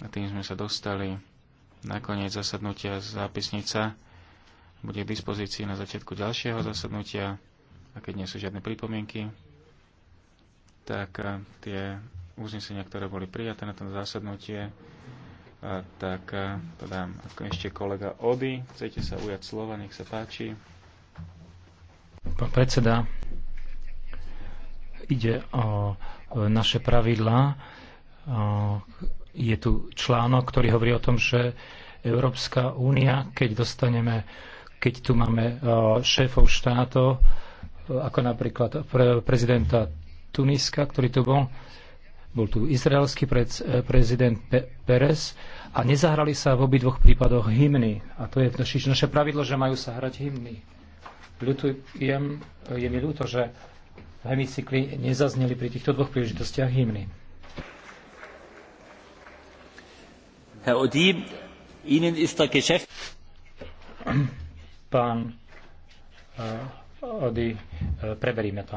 A tým sme sa dostali na koniec zasadnutia zápisnica. Bude k dispozícii na začiatku ďalšieho zasadnutia. A keď nie sú žiadne pripomienky, tak eh, tie uznesenia, ktoré boli prijaté na tom zasadnutie, eh, tak eh, to dám ako ešte kolega Oby. Chcete sa ujať slova, nech sa páči. Pán predseda, ide o naše pravidlá Eh, je tu článok, ktorý hovorí o tom, že Európska únia, keď dostaneme, keď tu máme eh, šéfov štátov, eh, ako napríklad pre prezidenta Tuniska, ktorý tu bol, bol tu izraelský prezident Perez a nezahrali sa v obidvoch prípadoch hymny. A to je naši, naše pravidlo, že majú sa hrať hymny. Ľutujem, je mi ľúto, že hemicykly nezazneli pri týchto dvoch príležitostiach hymny. Odi, Pán eh, Ody, eh, preveríme to.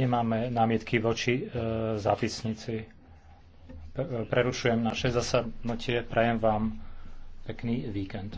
Nemáme námietky voči eh, zápisnici. Prerušujem naše zasadnutie. Prajem vám pekný víkend.